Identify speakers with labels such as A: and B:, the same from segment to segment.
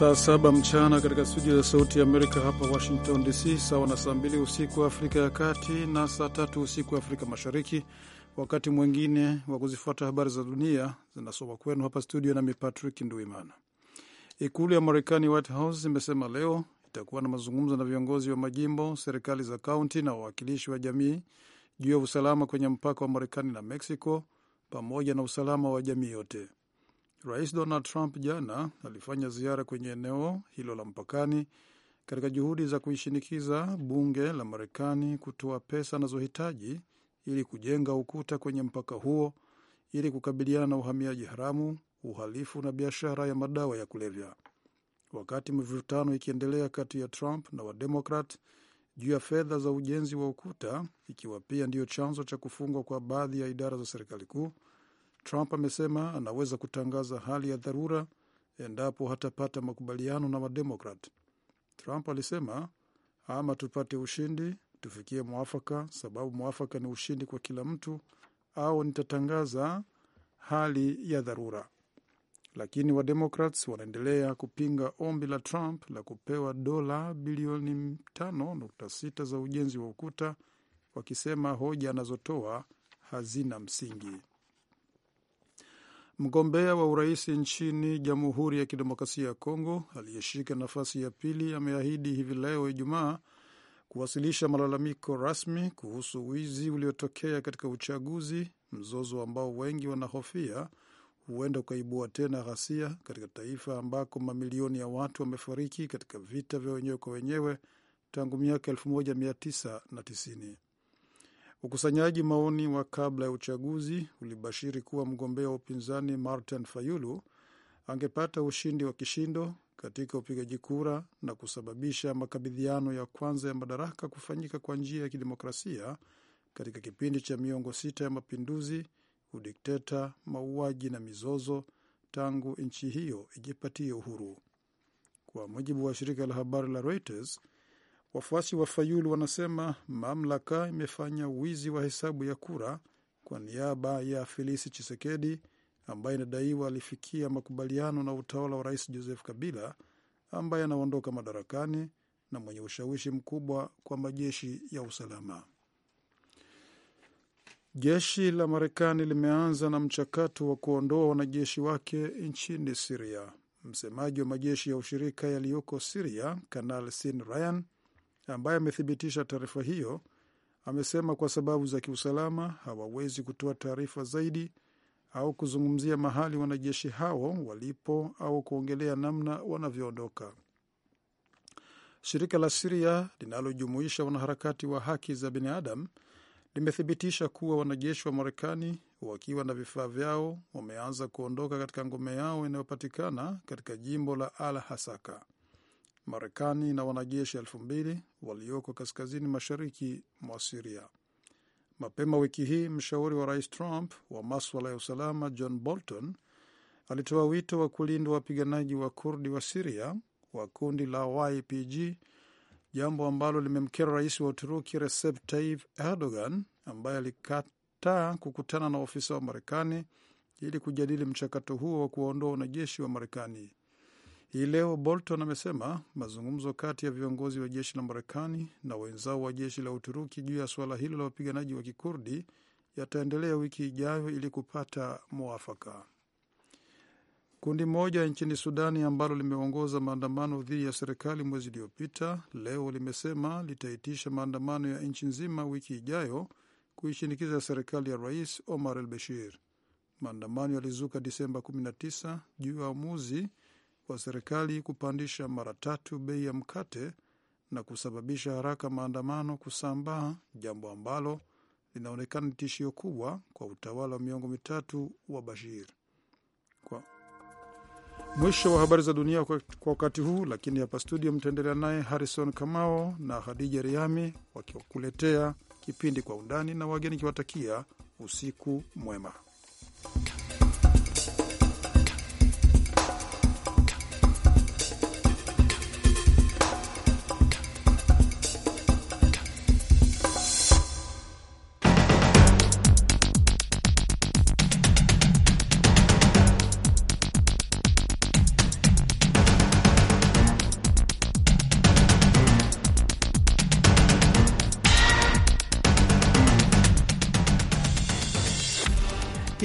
A: saa saba mchana katika studio za Sauti ya Amerika hapa Washington DC, sawa na saa mbili usiku wa Afrika ya Kati na saa tatu usiku wa Afrika Mashariki. Wakati mwingine wa kuzifuata habari za dunia zinasoma kwenu hapa studio, nami Patrick Nduimana. Ikulu ya Marekani, White House, imesema leo itakuwa na mazungumzo na viongozi wa majimbo, serikali za kaunti na wawakilishi wa jamii juu ya usalama kwenye mpaka wa Marekani na Mexico pamoja na usalama wa jamii yote. Rais Donald Trump jana alifanya ziara kwenye eneo hilo la mpakani katika juhudi za kuishinikiza bunge la Marekani kutoa pesa anazohitaji ili kujenga ukuta kwenye mpaka huo ili kukabiliana na uhamiaji haramu, uhalifu na biashara ya madawa ya kulevya. Wakati mivutano ikiendelea kati ya Trump na Wademokrat juu ya fedha za ujenzi wa ukuta, ikiwa pia ndiyo chanzo cha kufungwa kwa baadhi ya idara za serikali kuu, Trump amesema anaweza kutangaza hali ya dharura endapo hatapata makubaliano na Wademokrat. Trump alisema ama tupate ushindi, tufikie mwafaka, sababu mwafaka ni ushindi kwa kila mtu, au nitatangaza hali ya dharura. Lakini Wademokrats wanaendelea kupinga ombi la Trump la kupewa dola bilioni 5.6 za ujenzi wa ukuta, wakisema hoja anazotoa hazina msingi. Mgombea wa urais nchini Jamhuri ya Kidemokrasia ya Kongo aliyeshika nafasi ya pili ameahidi hivi leo Ijumaa kuwasilisha malalamiko rasmi kuhusu wizi uliotokea katika uchaguzi, mzozo ambao wengi wanahofia huenda ukaibua tena ghasia katika taifa ambako mamilioni ya watu wamefariki katika vita vya wenyewe kwa wenyewe tangu miaka 1990. Ukusanyaji maoni wa kabla ya uchaguzi ulibashiri kuwa mgombea wa upinzani Martin Fayulu angepata ushindi wa kishindo katika upigaji kura na kusababisha makabidhiano ya kwanza ya madaraka kufanyika kwa njia ya kidemokrasia katika kipindi cha miongo sita ya mapinduzi, udikteta, mauaji na mizozo tangu nchi hiyo ijipatie uhuru. Kwa mujibu wa shirika la habari la Reuters, Wafuasi wa Fayulu wanasema mamlaka imefanya wizi wa hesabu ya kura kwa niaba ya Felisi Chisekedi ambaye inadaiwa alifikia makubaliano na utawala wa Rais Joseph Kabila ambaye anaondoka madarakani na mwenye ushawishi mkubwa kwa majeshi ya usalama. Jeshi la Marekani limeanza na mchakato wa kuondoa wanajeshi wake nchini Siria. Msemaji wa majeshi ya ushirika yaliyoko Siria, Kanal Sin Ryan ambaye amethibitisha taarifa hiyo amesema kwa sababu za kiusalama hawawezi kutoa taarifa zaidi au kuzungumzia mahali wanajeshi hao walipo au kuongelea namna wanavyoondoka. Shirika la Siria linalojumuisha wanaharakati wa haki za binadamu limethibitisha kuwa wanajeshi wa Marekani wakiwa na vifaa vyao wameanza kuondoka katika ngome yao inayopatikana katika jimbo la Al Hasaka. Marekani na wanajeshi elfu mbili walioko kaskazini mashariki mwa Siria. Mapema wiki hii, mshauri wa rais Trump wa maswala ya usalama John Bolton alitoa wito wa kulinda wapiganaji wa Kurdi wa Siria wa kundi la YPG, jambo ambalo limemkera rais wa Uturuki Recep Tayyip Erdogan ambaye alikataa kukutana na ofisa wa Marekani ili kujadili mchakato huo wa kuwaondoa wanajeshi wa Marekani. Hii leo Bolton amesema mazungumzo kati ya viongozi wa jeshi la Marekani na wenzao wa jeshi la Uturuki juu ya suala hilo la wapiganaji wa kikurdi yataendelea wiki ijayo ili kupata mwafaka. Kundi moja nchini Sudani ambalo limeongoza maandamano dhidi ya serikali mwezi uliopita, leo limesema litaitisha maandamano ya nchi nzima wiki ijayo kuishinikiza serikali ya Rais Omar al Bashir. Maandamano yalizuka Disemba 19 juu ya uamuzi kwa serikali kupandisha mara tatu bei ya mkate na kusababisha haraka maandamano kusambaa, jambo ambalo linaonekana ni tishio kubwa kwa utawala wa miongo mitatu wa Bashir. Kwa mwisho wa habari za dunia kwa wakati huu, lakini hapa studio mtaendelea naye Harrison Kamao na Hadija Riami wakikuletea kipindi kwa undani na wageni kiwatakia usiku mwema.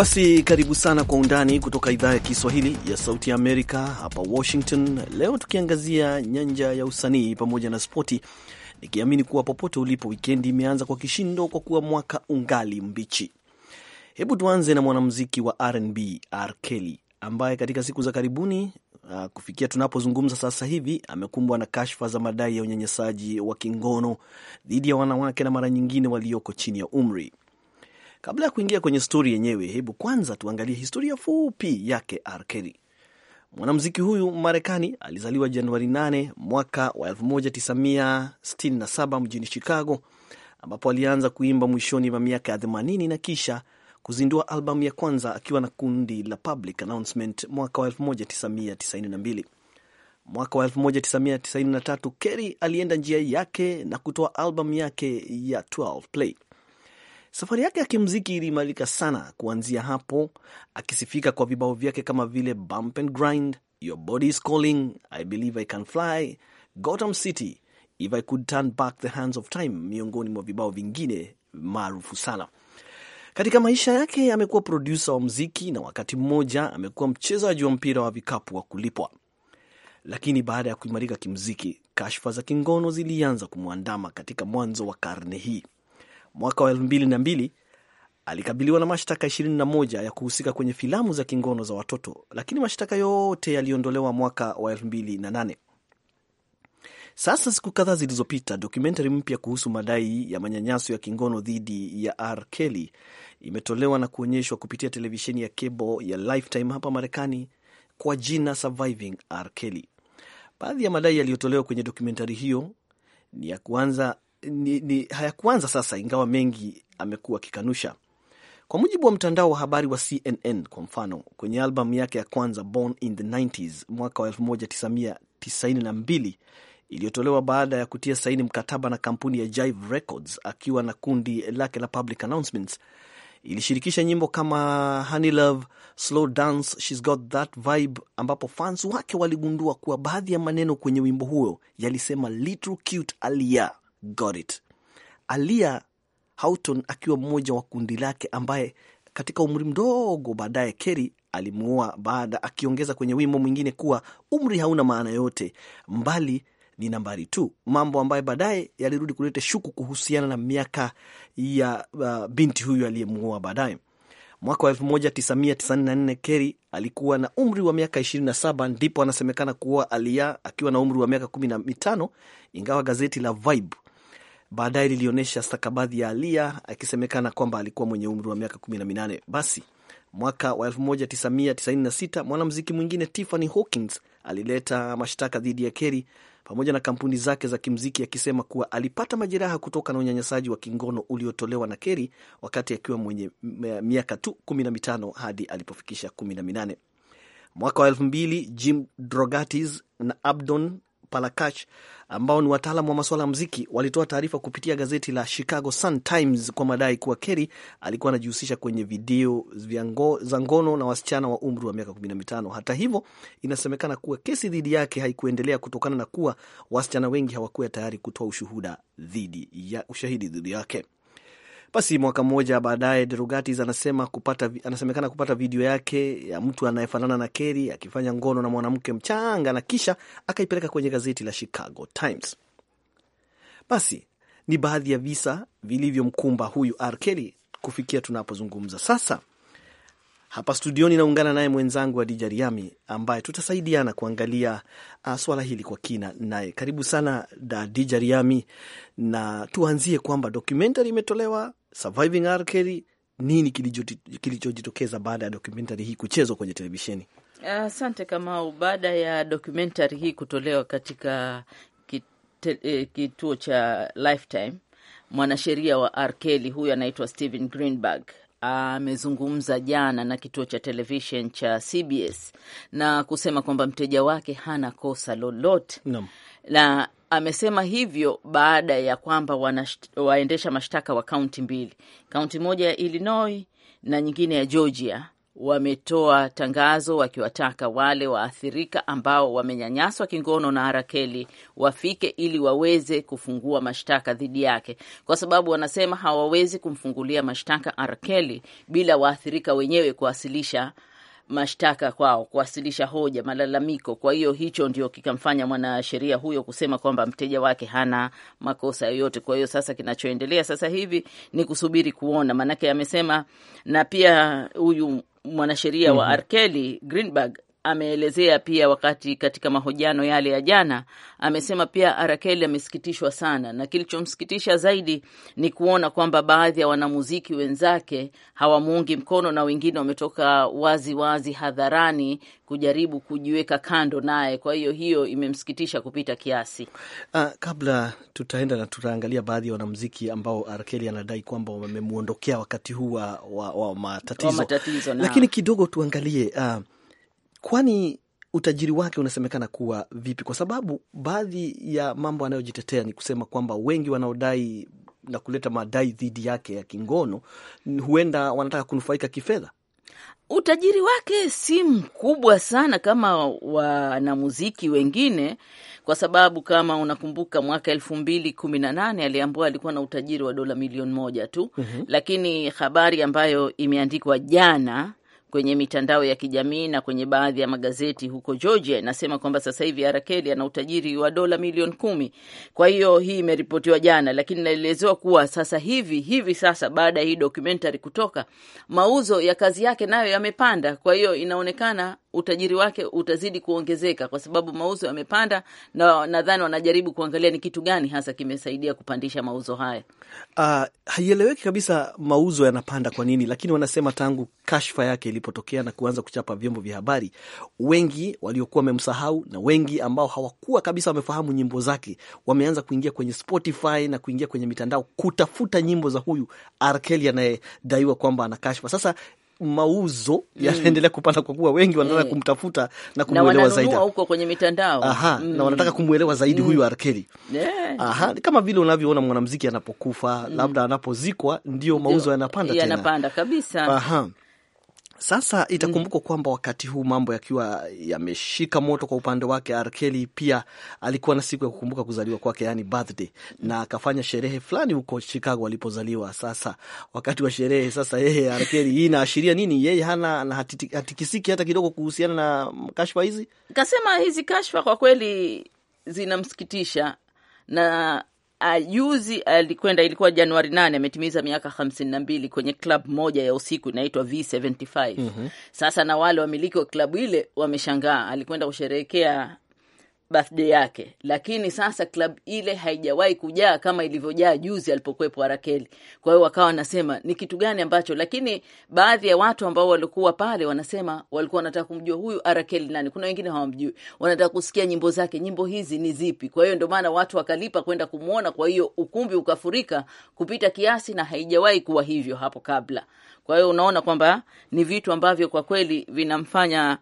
B: Basi karibu sana kwa undani kutoka idhaa ya Kiswahili ya Sauti ya Amerika hapa Washington. Leo tukiangazia nyanja ya usanii pamoja na spoti, nikiamini kuwa popote ulipo, wikendi imeanza kwa kishindo kwa kuwa mwaka ungali mbichi. Hebu tuanze na mwanamuziki wa RnB R Kelly ambaye katika siku za karibuni uh, kufikia tunapozungumza sasa hivi amekumbwa na kashfa za madai ya unyanyasaji wa kingono dhidi ya wanawake na mara nyingine walioko chini ya umri. Kabla ya kuingia kwenye stori yenyewe, hebu kwanza tuangalie historia fupi yake R. Kelly. Mwanamuziki huyu Marekani alizaliwa Januari 8 mwaka wa 1967 mjini Chicago, ambapo alianza kuimba mwishoni mwa miaka ya 80 na kisha kuzindua albamu ya kwanza akiwa na kundi la Public Announcement mwaka wa 1992. Mwaka wa 1993 Kerry alienda njia yake na kutoa albamu yake ya 12 Play. Safari yake ya kimziki iliimarika sana kuanzia hapo, akisifika kwa vibao vyake kama vile Bump and Grind, Your Body is Calling, I Believe I Can Fly, Gotham City, If I Could Turn Back the Hands of Time, miongoni mwa vibao vingine maarufu sana. Katika maisha yake amekuwa produsa wa mziki na wakati mmoja amekuwa mchezaji wa mpira wa vikapu wa kulipwa. Lakini baada ya kuimarika kimziki, kashfa za kingono zilianza kumwandama katika mwanzo wa karne hii mwaka wa mbili alikabiliwa na mashtaka 21 ya kuhusika kwenye filamu za kingono za watoto, lakini mashtaka yote yaliondolewa mwaka wa 2008. Sasa siku kadhaa zilizopita, dokumentari mpya kuhusu madai ya manyanyaso ya kingono dhidi ya R Kelly imetolewa na kuonyeshwa kupitia televisheni ya kebo ya Lifetime hapa Marekani kwa jina Surviving R Kelly. Baadhi ya madai yaliyotolewa kwenye dokumentari hiyo ni ya kwanza ni, ni hayakuanza sasa, ingawa mengi amekuwa akikanusha. Kwa mujibu wa mtandao wa habari wa CNN, kwa mfano, kwenye albamu yake ya kwanza Born in the 90s mwaka wa 1992 iliyotolewa baada ya kutia saini mkataba na kampuni ya Jive Records akiwa na kundi lake la Public Announcements, ilishirikisha nyimbo kama Honey Love, Slow Dance, She's Got That Vibe, ambapo fans wake waligundua kuwa baadhi ya maneno kwenye wimbo huo yalisema little cute Alia Got It. Alia Houghton akiwa mmoja wa kundi lake ambaye katika umri mdogo baadaye Kerry alimuoa baada, akiongeza kwenye wimbo mwingine kuwa umri hauna maana yote, mbali ni nambari tu, mambo ambayo baadaye yalirudi kuleta shuku kuhusiana na miaka ya uh, binti huyu aliyemuoa baadaye. Mwaka wa 1994 Kerry alikuwa na umri wa miaka ishirini na saba ndipo anasemekana kuoa Alia akiwa na umri wa miaka kumi na mitano ingawa gazeti la Vibe Baadaye lilionyesha stakabadhi ya Alia akisemekana kwamba alikuwa mwenye umri wa miaka minane. Basi mwaka wa 1996 mwanamziki mwingine Tiffany Hawkins alileta mashtaka dhidi ya Kerry pamoja na kampuni zake za kimziki akisema kuwa alipata majeraha kutoka na unyanyasaji wa kingono uliotolewa na Kerry wakati akiwa mwenye miaka tu mitano hadi alipofikisha minane. Mwaka wa mbili Jim Drogatis na Abdon Palakach ambao ni wataalam wa masuala ya muziki walitoa taarifa kupitia gazeti la Chicago Sun-Times kwa madai kuwa Kerry alikuwa anajihusisha kwenye video za ngono na wasichana wa umri wa miaka 15. Hata hivyo, inasemekana kuwa kesi dhidi yake haikuendelea kutokana na kuwa wasichana wengi hawakuwa tayari kutoa ushuhuda dhidi ya ushahidi dhidi yake. Basi mwaka mmoja baadaye, Derogatis anasema kupata, anasemekana kupata video yake ya mtu anayefanana na keri akifanya ngono na mwanamke mchanga na kisha akaipeleka kwenye gazeti la Chicago Times. Basi ni baadhi ya visa vilivyomkumba huyu R. Kelly kufikia tunapozungumza sasa. Hapa studioni naungana naye mwenzangu Adija Riami ambaye tutasaidiana kuangalia uh, swala hili kwa kina naye. Karibu sana Adija Riami, na tuanzie kwamba dokumentari imetolewa Surviving R. Kelly. Nini kilichojitokeza baada ya dokumentari hii kuchezwa kwenye televisheni?
C: Asante uh, Kamau. Baada ya dokumentari hii kutolewa katika eh, kituo cha Lifetime, mwanasheria wa R. Kelly huyu anaitwa Steven Greenberg amezungumza jana na kituo cha televishen cha CBS na kusema kwamba mteja wake hana kosa lolote no. na amesema hivyo baada ya kwamba waendesha mashtaka wa kaunti mbili, kaunti moja ya Illinois na nyingine ya Georgia wametoa tangazo wakiwataka wale waathirika ambao wamenyanyaswa kingono na Arakeli wafike ili waweze kufungua mashtaka dhidi yake, kwa sababu wanasema hawawezi kumfungulia mashtaka Arakeli bila waathirika wenyewe kuwasilisha mashtaka kwao kuwasilisha hoja, malalamiko. Kwa hiyo hicho ndio kikamfanya mwanasheria huyo kusema kwamba mteja wake hana makosa yoyote. Kwa hiyo sasa kinachoendelea sasa hivi ni kusubiri kuona, maanake amesema, na pia huyu mwanasheria mm -hmm. wa Arkeli mhm. Greenberg ameelezea pia wakati katika mahojiano yale ya jana, amesema pia Arakeli amesikitishwa sana, na kilichomsikitisha zaidi ni kuona kwamba baadhi ya wanamuziki wenzake hawamuungi mkono na wengine wametoka wazi wazi hadharani kujaribu kujiweka kando naye. Kwa hiyo hiyo imemsikitisha kupita kiasi. Uh,
B: kabla tutaenda na tutaangalia baadhi ya wanamuziki ambao Arakeli anadai kwamba wamemuondokea wakati huu wa, wa, wa matatizo, wa matatizo, lakini kidogo tuangalie uh, kwani utajiri wake unasemekana kuwa vipi? Kwa sababu baadhi ya mambo anayojitetea ni kusema kwamba wengi wanaodai na kuleta madai dhidi yake ya kingono
C: huenda wanataka kunufaika kifedha. Utajiri wake si mkubwa sana kama wanamuziki wengine, kwa sababu kama unakumbuka mwaka elfu mbili kumi na nane aliambua alikuwa na utajiri wa dola milioni moja tu. mm -hmm. Lakini habari ambayo imeandikwa jana kwenye mitandao ya kijamii na kwenye baadhi ya magazeti huko Georgia inasema kwamba sasa hivi Arakeli ana utajiri wa dola milioni kumi. Kwa hiyo hii imeripotiwa jana, lakini inaelezewa kuwa sasa hivi hivi sasa baada ya hii dokumentari kutoka, mauzo ya kazi yake nayo yamepanda. Kwa hiyo inaonekana utajiri wake utazidi kuongezeka kwa sababu mauzo yamepanda, na nadhani wanajaribu kuangalia ni kitu gani hasa kimesaidia kupandisha mauzo haya.
B: Uh, haieleweki kabisa mauzo yanapanda kwa nini, lakini wanasema tangu kashfa yake ilipotokea na kuanza kuchapa vyombo vya habari, wengi waliokuwa wamemsahau na wengi ambao hawakuwa kabisa wamefahamu nyimbo zake wameanza kuingia kwenye Spotify na kuingia kwenye mitandao kutafuta nyimbo za huyu R. Kelly anayedaiwa kwamba ana kashfa. Sasa mauzo mm. yanaendelea kupanda kwa kuwa wengi wanataka mm. kumtafuta na kumwelewa zaidi
C: huko kwenye mitandao. Aha, mm. na wanataka
B: kumwelewa zaidi mm. huyu arkeli
C: yeah. Aha,
B: kama vile unavyoona mwanamuziki anapokufa mm. labda anapozikwa ndio mauzo yanapanda tena. Yanapanda
C: kabisa. Aha.
B: Sasa itakumbukwa mm. kwamba wakati huu mambo yakiwa yameshika moto kwa upande wake, arkeli pia alikuwa na siku ya kukumbuka kuzaliwa kwake, yani birthday, na akafanya sherehe fulani huko Chicago alipozaliwa. Sasa wakati wa sherehe, sasa yeye arkeli hii inaashiria nini? Yeye hana na hatikisiki hata kidogo kuhusiana
C: na kashfa hizi. Kasema hizi kashfa kwa kweli zinamsikitisha na Ah, juzi alikwenda ah, ilikuwa Januari nane, ametimiza miaka hamsini na mbili kwenye klabu moja ya usiku inaitwa V75. mm -hmm. Sasa na wale wamiliki wa klabu ile wameshangaa, alikwenda kusherehekea birthday yake, lakini sasa klabu ile haijawahi kujaa kama ilivyojaa juzi alipokuwepo Arakeli. Kwa hiyo wakawa wanasema ni kitu gani ambacho, lakini baadhi ya watu ambao walikuwa pale wanasema walikuwa wanataka kumjua huyu Arakeli ah, nani. Kuna wengine hawamjui, wanataka kusikia nyimbo zake, nyimbo hizi ni zipi? Kwa hiyo ndio maana watu wakalipa kwenda kumwona, kwa hiyo ukumbi ukafurika kupita kiasi, na haijawahi kuwa hivyo hapo kabla. Kwa hiyo unaona kwamba ni vitu ambavyo kwa kweli vinamfanya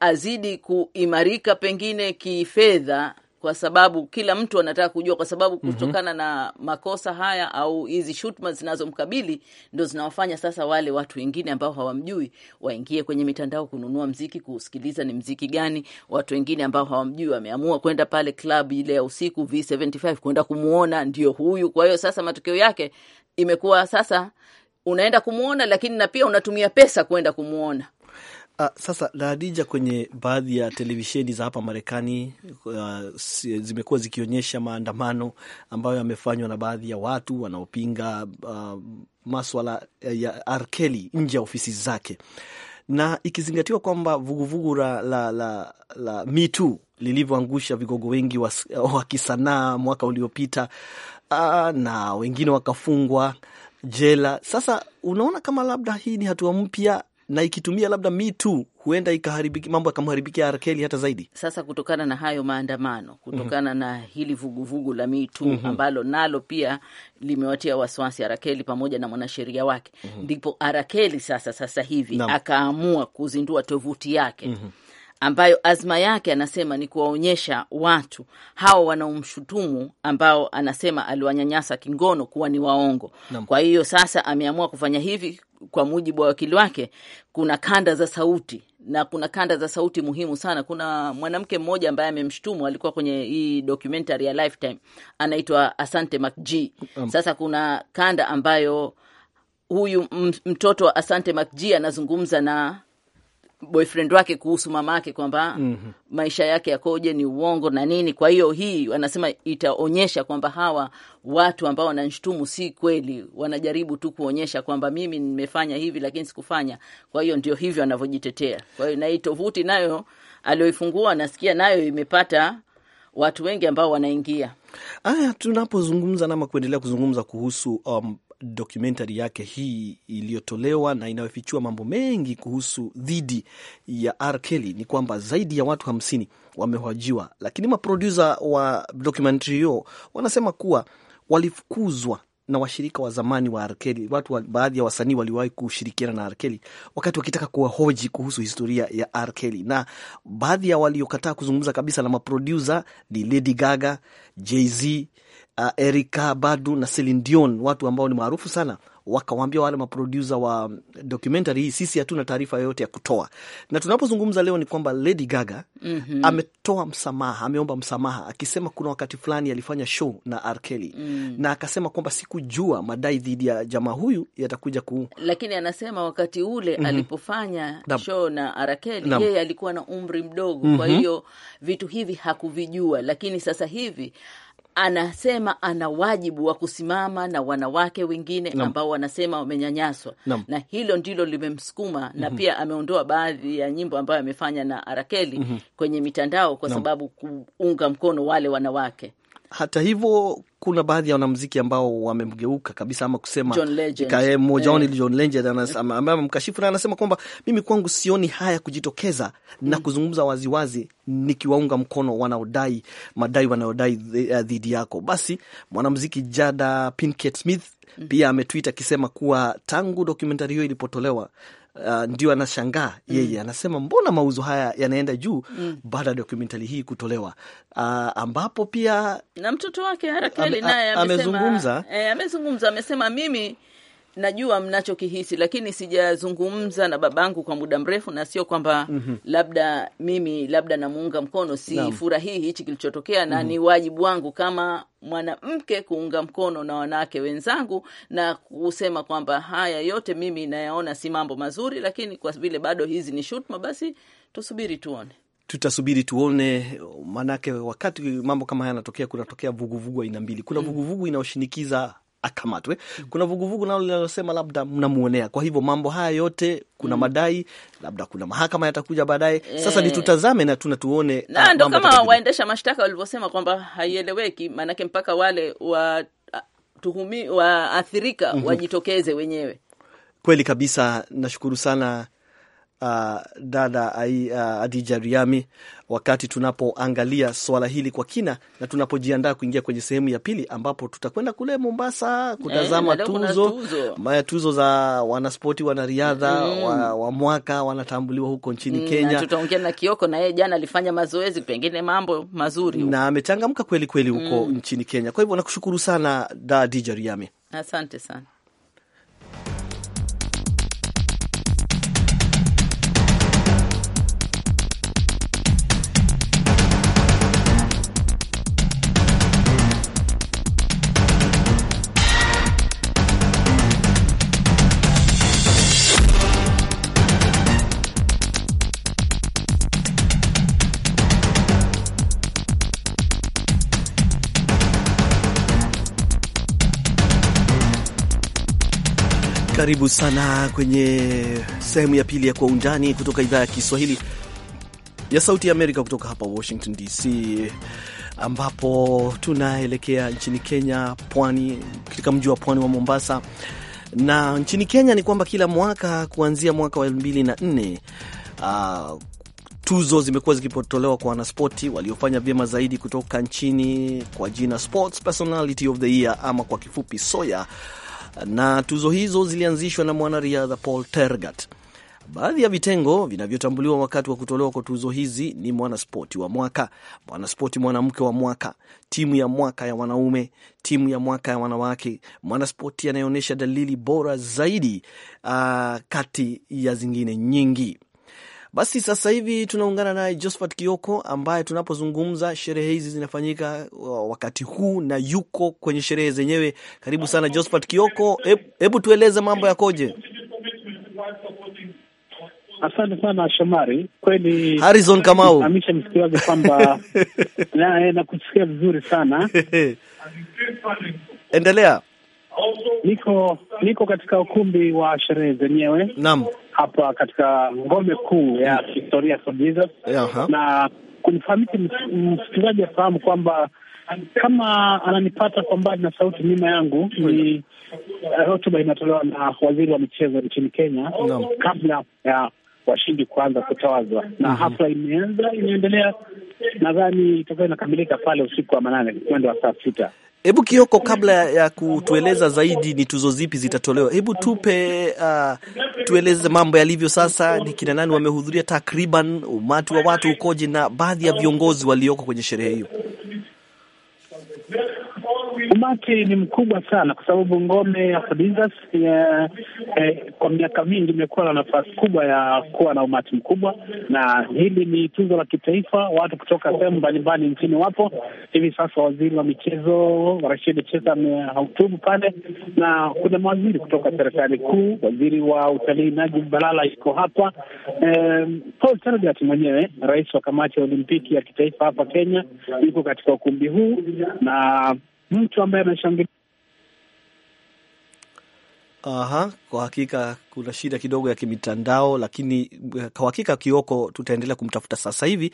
C: azidi kuimarika pengine kifedha kwa sababu kila mtu anataka kujua, kwa sababu mhm. kutokana mm -hmm. na makosa haya au hizi shutuma zinazomkabili ndo zinawafanya sasa wale watu wengine ambao hawamjui waingie kwenye mitandao kununua mziki, kusikiliza ni mziki gani. Watu wengine ambao hawamjui wameamua kwenda pale klabu ile ya usiku V75 kwenda kumwona ndio huyu. Kwa hiyo sasa matokeo yake imekuwa sasa unaenda kumwona, lakini na pia unatumia pesa kwenda kumwona
B: Uh, sasa Ladija, kwenye baadhi ya televisheni za hapa Marekani uh, zimekuwa zikionyesha maandamano ambayo yamefanywa na baadhi ya watu wanaopinga uh, maswala ya R. Kelly nje ya ofisi zake, na ikizingatiwa kwamba vuguvugu la, la, la, la Me Too lilivyoangusha vigogo wengi wa, wa kisanaa mwaka uliopita uh, na wengine wakafungwa jela. Sasa unaona kama labda hii ni hatua mpya na ikitumia labda Me Too
C: huenda ikaharibiki mambo yakamharibikia arkeli hata zaidi. Sasa kutokana na hayo maandamano, mhm. kutokana mm -hmm. na hili vuguvugu vugu la Me Too mm -hmm. ambalo nalo pia limewatia wasiwasi arakeli pamoja na mwanasheria wake, mhm. ndipo mm -hmm. R. sasa sasa hivi akaamua kuzindua tovuti yake mm -hmm ambayo azma yake anasema ni kuwaonyesha watu hawa wanaomshutumu ambao anasema aliwanyanyasa kingono kuwa ni waongo. Naam. Kwa hiyo sasa ameamua kufanya hivi kwa mujibu wa wakili wake. Kuna kanda za sauti na kuna kanda za sauti muhimu sana. Kuna mwanamke mmoja ambaye amemshutumu, alikuwa kwenye hii documentary ya Lifetime, anaitwa Asante McG. Sasa kuna kanda ambayo huyu mtoto wa Asante McG anazungumza na boyfriend wake kuhusu mama ake kwamba mm -hmm. maisha yake yakoje, ni uongo na nini. Kwa hiyo hii wanasema itaonyesha kwamba hawa watu ambao wananshtumu si kweli, wanajaribu tu kuonyesha kwamba mimi nimefanya hivi lakini sikufanya. Kwa hiyo ndio hivyo anavyojitetea. Kwa hiyo na hii tovuti nayo aliyoifungua, nasikia nayo imepata watu wengi ambao wanaingia.
B: Aya, tunapozungumza nama kuendelea kuzungumza kuhusu um, dokumentari yake hii iliyotolewa na inayofichua mambo mengi kuhusu dhidi ya R. Kelly ni kwamba zaidi ya watu hamsini wamehojiwa, lakini maprodusa wa dokumentari hiyo wanasema kuwa walifukuzwa na washirika wa zamani wa R. Kelly. Watu wa, baadhi ya wasanii waliwahi kushirikiana na R. Kelly wakati wakitaka kuwahoji kuhusu historia ya R. Kelly, na baadhi ya waliokataa kuzungumza kabisa na maprodusa ni Lady Gaga, Jay-Z uh, ah, Erika Badu na Celine Dion, watu ambao ni maarufu sana wakawaambia wale maprodusa wa mm, documentary hii, sisi hatuna taarifa yoyote ya kutoa. Na tunapozungumza leo ni kwamba Lady Gaga mm -hmm. ametoa msamaha, ameomba msamaha akisema kuna wakati fulani alifanya show na R Kelly mm. na akasema kwamba sikujua madai dhidi ya jamaa huyu yatakuja ku,
C: lakini anasema wakati ule mm -hmm. alipofanya Dab. show na R Kelly yeye alikuwa na umri mdogo mm -hmm. kwa mhm. hiyo vitu hivi hakuvijua, lakini sasa hivi anasema ana wajibu wa kusimama na wanawake wengine Nam. ambao wanasema wamenyanyaswa Nam. na hilo ndilo limemsukuma mm -hmm. na mhm. pia ameondoa baadhi ya nyimbo ambayo amefanya na Arakeli mm -hmm. kwenye mitandao kwa Nam. sababu kuunga mkono wale wanawake
B: hata hivyo kuna baadhi ya wanamziki ambao wamemgeuka kabisa ama kusema eh, mmoja wao ni eh. John Legend ambaye amemkashifu na anasema kwamba mimi kwangu sioni haya kujitokeza mm, na kuzungumza waziwazi nikiwaunga mkono wanaodai madai wanayodai eh, dhidi yako. Basi mwanamziki Jada Pinkett Smith mm. pia ametwit akisema kuwa tangu dokumentari hiyo ilipotolewa uh, ndio anashangaa mm. yeye, anasema mbona mauzo haya yanaenda juu mm. baada ya dokumentari hii kutolewa, uh, ambapo pia
C: na mtoto wake Harakeli naye eh, amezungumza, amesema mimi najua mnachokihisi, lakini sijazungumza na babangu kwa muda mrefu, na sio kwamba mm -hmm. labda mimi labda namuunga mkono, sifurahii hichi kilichotokea na mm -hmm. ni wajibu wangu kama mwanamke kuunga mkono na wanawake wenzangu na kusema kwamba haya yote mimi nayaona si mambo mazuri, lakini kwa vile bado hizi ni shutuma, basi tusubiri tuone
B: tutasubiri tuone, maanake wakati mambo kama haya yanatokea, kunatokea vuguvugu aina mbili. Kuna mm. vuguvugu inayoshinikiza akamatwe. Kuna vuguvugu nalo linalosema labda mnamuonea. Kwa hivyo mambo haya yote kuna mm. madai, labda kuna mahakama yatakuja baadaye. Sasa ni eh. tutazame na tuna tuone, na ah, ndo kama
C: waendesha mashtaka walivyosema kwamba haieleweki, maanake mpaka wale ah, tuhumi waathirika mhm. wajitokeze wenyewe.
B: Kweli kabisa, nashukuru sana uh, dada uh, Adija Riami, wakati tunapoangalia swala hili kwa kina na tunapojiandaa kuingia kwenye sehemu ya pili, ambapo tutakwenda kule Mombasa kutazama e, tuzo maya tuzo za wanaspoti wanariadha mm, wa, wa mwaka wanatambuliwa huko nchini mm, Kenya. Tutaongea
C: na Kioko na yeye jana alifanya mazoezi, pengine mambo
B: mazuri huko, na amechangamka kweli kweli huko mm, nchini Kenya. Kwa hivyo nakushukuru sana da Adija Riami,
C: asante sana.
B: Karibu sana kwenye sehemu ya pili ya Kwa Undani kutoka idhaa ya Kiswahili ya Sauti ya Amerika kutoka hapa Washington DC, ambapo tunaelekea nchini Kenya, pwani, katika mji wa pwani wa Mombasa. Na nchini Kenya ni kwamba kila mwaka kuanzia mwaka wa elfu na nne ah, tuzo zimekuwa zikipotolewa kwa wanaspoti waliofanya vyema zaidi kutoka nchini kwa jina Sports Personality of the Year ama kwa kifupi SOYA na tuzo hizo zilianzishwa na mwanariadha Paul Tergat. Baadhi ya vitengo vinavyotambuliwa wakati wa kutolewa kwa tuzo hizi ni mwanaspoti wa mwaka, mwanaspoti mwanamke wa mwaka, timu ya mwaka ya wanaume, timu ya mwaka ya wanawake, mwanaspoti anayeonyesha dalili bora zaidi, uh, kati ya zingine nyingi. Basi sasa hivi tunaungana naye Josphat Kioko ambaye tunapozungumza sherehe hizi zinafanyika wakati huu na yuko kwenye sherehe zenyewe. Karibu sana Josphat Kioko, hebu tueleze mambo yakoje?
D: Asante sana Shomari, kweli Harrison Kamau amisha msikiwazi kwamba eh, nakusikia vizuri sana endelea. Niko niko katika ukumbi wa sherehe zenyewe naam, hapa katika ngome kuu ya Historia for Jesus na kunifahamiki msikilizaji afahamu kwamba kama ananipata kwa mbali na sauti nyuma yangu ni eh, hotuba inatolewa na waziri wa michezo nchini Kenya no. kabla ya washindi kuanza kutawazwa na mm -hmm. hafla imeanza, imeendelea, nadhani itakuwa inakamilika pale usiku wa manane mwendo wa saa sita.
B: Hebu Kioko, kabla ya kutueleza zaidi ni tuzo zipi zitatolewa, hebu tupe uh,
C: tueleze mambo
B: yalivyo sasa, ni kina nani wamehudhuria, takriban umati wa watu ukoje, na baadhi ya viongozi walioko kwenye sherehe hiyo.
D: Umati ni mkubwa sana kwa sababu ngome ya Fadizas ya, eh, eh, kwa miaka mingi imekuwa na nafasi kubwa ya kuwa na umati mkubwa, na hili ni tuzo la kitaifa. Watu kutoka sehemu mbalimbali nchini wapo hivi sasa. Waziri wa michezo Rashid Cheza amehutubu pale, na kuna mawaziri kutoka serikali kuu. Waziri wa utalii Najib Balala iko hapa, eh, Paul Tergat mwenyewe, rais wa kamati ya olimpiki ya kitaifa hapa Kenya, yuko katika ukumbi huu na mtu ambaye ameshangilia.
B: Aha, kwa hakika kuna shida kidogo ya kimitandao, lakini eh, kwa hakika Kioko tutaendelea kumtafuta sasa hivi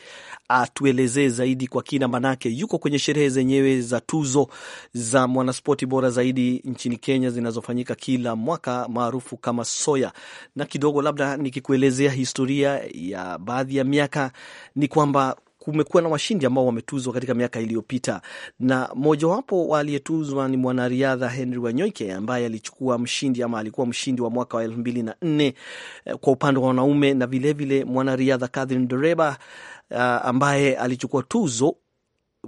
B: atuelezee zaidi kwa kina, manake yuko kwenye sherehe zenyewe za tuzo za mwanaspoti bora zaidi nchini Kenya zinazofanyika kila mwaka maarufu kama Soya. Na kidogo labda nikikuelezea historia ya baadhi ya miaka, ni kwamba kumekuwa na washindi ambao wametuzwa katika miaka iliyopita, na mojawapo aliyetuzwa ni mwanariadha Henry Wanyoike ambaye alichukua mshindi ama alikuwa mshindi wa mwaka wa elfu mbili na nne eh, kwa upande wa wanaume, na vilevile mwanariadha Catherine Dereba eh, ambaye alichukua tuzo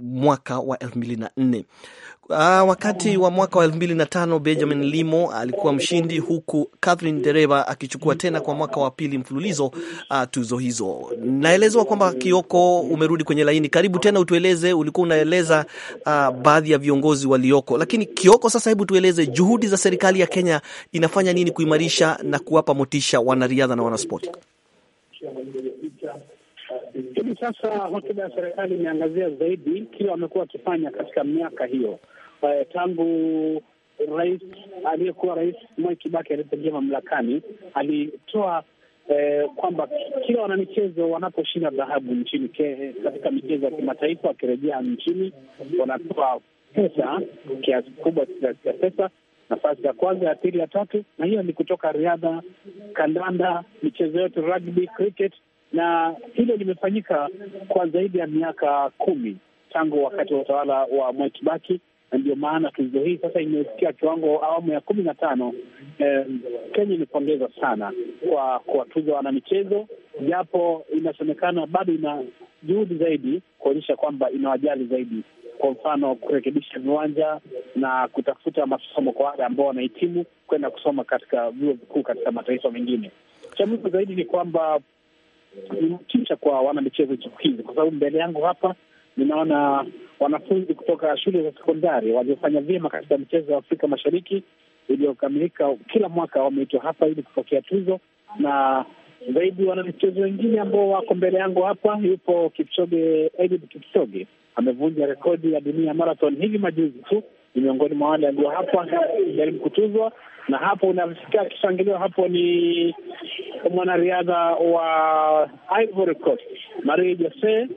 B: mwaka wa elfu mbili na nne. Uh, wakati wa mwaka wa elfu mbili na tano Benjamin Limo alikuwa mshindi huku Catherine Dereva akichukua tena kwa mwaka wa pili mfululizo uh, tuzo hizo. Naelezwa kwamba Kioko, umerudi kwenye laini, karibu tena, utueleze. Ulikuwa unaeleza ah, baadhi ya viongozi walioko, lakini Kioko, sasa hebu tueleze juhudi za serikali ya Kenya inafanya nini kuimarisha na kuwapa motisha wanariadha na wanaspoti?
D: Hivi sasa hotuba ya serikali imeangazia zaidi kile wamekuwa wakifanya katika miaka hiyo eh, tangu rais aliyekuwa rais Mwai Kibaki alipoingia mamlakani alitoa eh, kwamba kila wanamichezo wanaposhinda dhahabu nchini katika michezo ya kimataifa, wakirejea nchini wanatoa pesa kiasi kubwa cha pesa, nafasi ya kwanza, ya pili, ya tatu, na hiyo ni kutoka riadha, kandanda, michezo yote, rugby, cricket na hilo limefanyika kwa zaidi ya miaka kumi tangu wakati wa utawala wa Mwai Kibaki, na ndio maana tuzo hii sasa imefikia kiwango awamu ya kumi na tano. Eh, Kenya imepongezwa sana kwa kuwatuza wanamichezo, japo inasemekana bado ina juhudi zaidi kuonyesha kwamba inawajali zaidi, kwa mfano kurekebisha viwanja na kutafuta masomo kwa wale ambao wanahitimu kwenda kusoma katika vyuo vikuu katika mataifa mengine. Cha muhimu zaidi ni kwamba ni mtisha kwa wanamichezo siku hizi, kwa sababu mbele yangu hapa ninaona wanafunzi kutoka shule za sekondari waliofanya vyema katika michezo ya Afrika Mashariki iliyokamilika kila mwaka wameitwa hapa ili kupokea tuzo, na zaidi wanamichezo wengine ambao wako mbele yangu hapa, yupo Kipchoge, Eliud Kipchoge amevunja rekodi ya dunia marathon hivi majuzi tu ni miongoni mwa wale ambao hapa jaribu kutuzwa, na hapo unasikia akishangiliwa hapo ni mwanariadha wa Ivory Coast Marie Jose.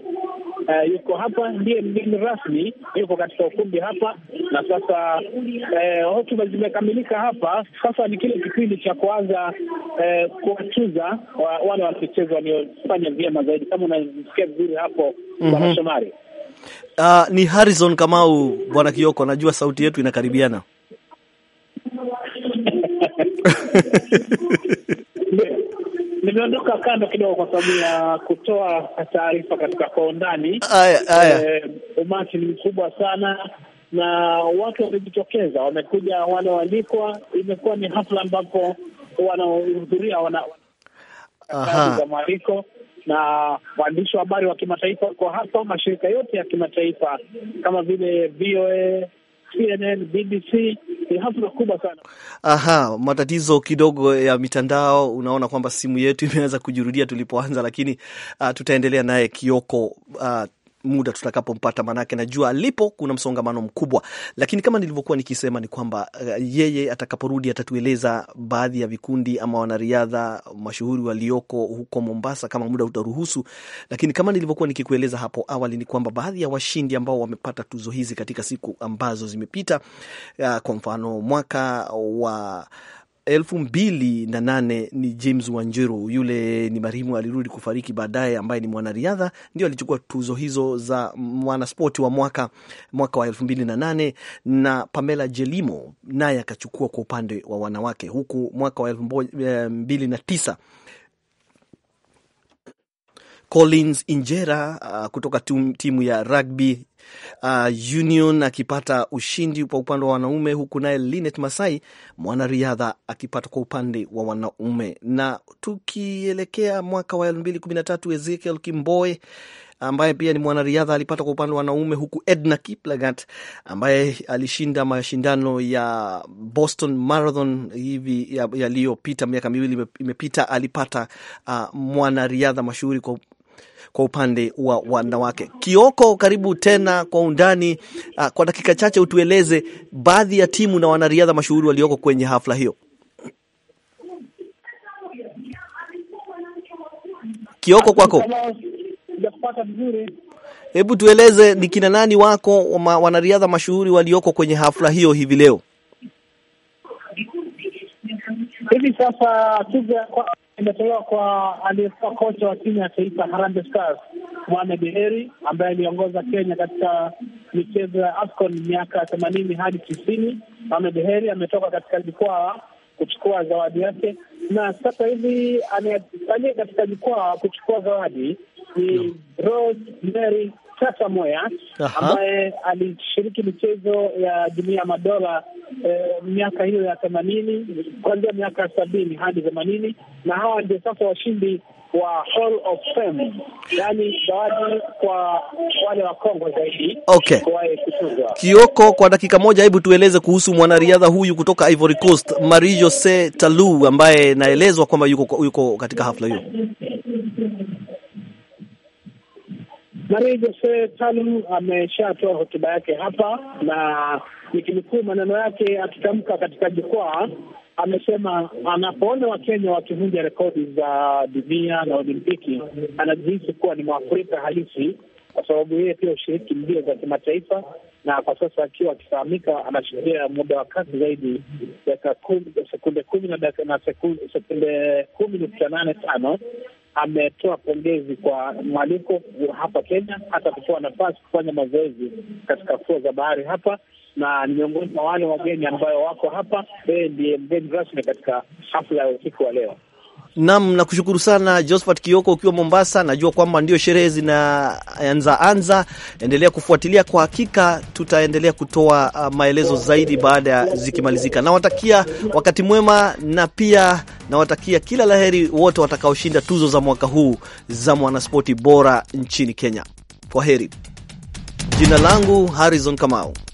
D: Uh, yuko hapa ndiye mgeni rasmi, yuko katika ukumbi hapa na sasa eh, hotuba uh, zimekamilika hapa. Sasa ni kile kipindi cha kuanza uh, kuwatuza wale wanamichezo waliofanya vyema zaidi, kama unasikia vizuri hapo, Bwana mhm. Shomari.
B: Uh, ni Harrison Kamau. Bwana Kioko, najua sauti yetu inakaribiana
D: nimeondoka kando kidogo kwa sababu ya kutoa taarifa katika kwa undani. E, umati ni mkubwa sana na watu wamejitokeza, wamekuja wale walikwa. Imekuwa ni hafla ambapo wanahudhuria wana za mwaliko na waandishi wa habari wa kimataifa, kwa hasa mashirika yote ya kimataifa kama vile VOA CNN, BBC ni hasara kubwa sana.
B: Aha, matatizo kidogo ya mitandao. Unaona kwamba simu yetu imeanza kujurudia tulipoanza, lakini uh, tutaendelea naye Kioko uh, muda tutakapompata, manake najua alipo kuna msongamano mkubwa, lakini kama nilivyokuwa nikisema ni kwamba uh, yeye atakaporudi atatueleza baadhi ya vikundi ama wanariadha mashuhuri walioko huko Mombasa kama muda utaruhusu. Lakini kama nilivyokuwa nikikueleza hapo awali ni kwamba baadhi ya washindi ambao wamepata tuzo hizi katika siku ambazo zimepita, uh, kwa mfano mwaka wa elfu mbili na nane ni James Wanjiru, yule ni marehemu alirudi kufariki baadaye, ambaye ni mwanariadha, ndio alichukua tuzo hizo za mwanaspoti wa mwaka mwaka wa elfu mbili na nane na Pamela Jelimo naye akachukua kwa upande wa wanawake, huku mwaka wa elfu mbili na tisa Collins Injera uh, kutoka timu ya rugby uh, Union akipata ushindi kwa upande wa wanaume, huku naye Linet Masai mwanariadha akipata kwa upande wa wanaume. Na tukielekea mwaka wa elfu mbili kumi na tatu Ezekiel Kimboe ambaye pia ni mwanariadha alipata kwa upande wa wanaume, huku Edna Kiplagat ambaye alishinda mashindano ya Boston Marathon hivi yaliyopita, miaka miwili imepita, alipata uh, mwanariadha mashuhuri kwa kwa upande wa wanawake. Kioko, karibu tena kwa undani. Uh, kwa dakika chache utueleze baadhi ya timu na wanariadha mashuhuri walioko kwenye hafla hiyo. Kioko, kwako. Hebu tueleze ni kina nani wako wanariadha mashuhuri walioko kwenye hafla hiyo hivi leo?
D: Hivi sasa tuko kwa imetolewa kwa aliyekuwa kocha wa timu ya taifa Harambee Stars Mohamed Heri ambaye aliongoza Kenya katika michezo ya AFCON miaka themanini hadi tisini. Mohamed Heri ametoka katika jukwaa kuchukua zawadi yake, na sasa hivi anayesalia katika jukwaa kuchukua zawadi ni no. Rose Mary Tata Moya ambaye alishiriki michezo ya jumuiya ya madola eh, miaka hiyo ya themanini kuanzia miaka sabini hadi themanini na hawa ndio sasa washindi wa Hall of Fame, yani zawadi kwa wale wa Kongo zaidi. Okay,
B: Kioko, kwa dakika moja, hebu tueleze kuhusu mwanariadha huyu kutoka Ivory Coast Marie Jose Talou ambaye naelezwa kwamba yuko, yuko katika hafla hiyo.
D: Marie Jose Talu ameshatoa hotuba yake hapa, na nikinukuu maneno yake akitamka katika jukwaa, amesema anapoona Wakenya wakivunja rekodi za dunia na Olimpiki anajihisi kuwa ni Mwafrika halisi, kwa sababu yeye pia ushiriki mbio za kimataifa, na kwa sasa akiwa akifahamika anashikilia muda wa kasi zaidi dakika sekunde kumi na sekunde kumi nukta nane tano ametoa pongezi kwa mwaliko hapa Kenya, hata kupewa nafasi kufanya mazoezi katika fuo za bahari hapa, na ni miongoni mwa wale wageni ambayo wako hapa. Yeye ndiye mgeni rasmi katika hafla ya usiku wa leo.
B: Nam, nakushukuru sana Josephat Kioko ukiwa Mombasa. Najua kwamba ndio sherehe zinaanza anza, endelea kufuatilia kwa hakika, tutaendelea kutoa uh, maelezo zaidi baada ya zikimalizika. Nawatakia wakati mwema na pia nawatakia kila laheri wote watakaoshinda tuzo za mwaka huu za mwanaspoti bora nchini Kenya. Kwa heri. Jina langu Harrison Kamau.